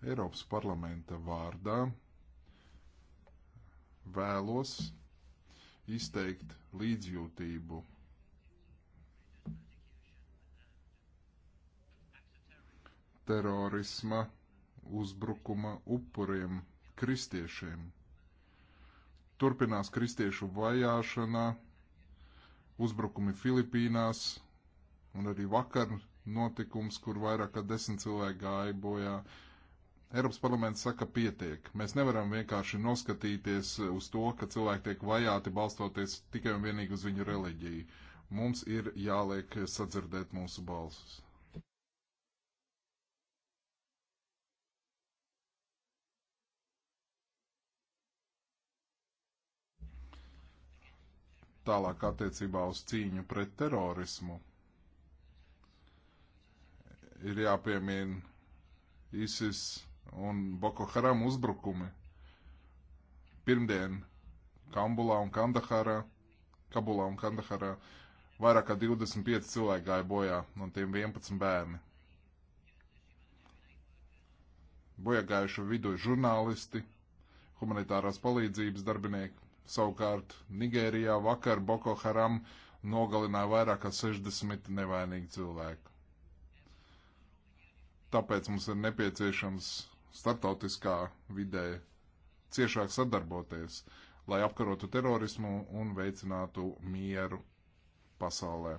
Eiropas parlamenta vārdā vēlos izteikt līdzjūtību terorisma uzbrukuma upuriem, kristiešiem. Turpinās kristiešu vajāšana, uzbrukumi Filipīnās un arī vakar notikums, kur vairāk kā desmit cilvēki gāja bojā. Uh, Eiropas parlaments saka, pietiek. Mēs nevaram vienkārši noskatīties uz to, ka cilvēki tiek vajāti balstoties tikai un vienīgi uz viņu reliģiju. Mums ir jāliek sadzirdēt mūsu balsus. Tālāk attiecībā uz cīņu pret terorismu ir jāpiemina ISIS un Boko Haram uzbrukumi pirmdien Kambulā un Kandahārā, Kabulā un Kandahārā vairāk kā 25 cilvēki gāja bojā, no tiem 11 bērni. Bojā gājuši vidu žurnālisti, humanitārās palīdzības darbinieki. Savukārt Nigērijā vakar Boko Haram nogalināja vairāk kā 60 nevainīgu cilvēku. Tāpēc mums ir nepieciešams starptautiskā vidē ciešāk sadarboties, lai apkarotu terorismu un veicinātu mieru pasaulē.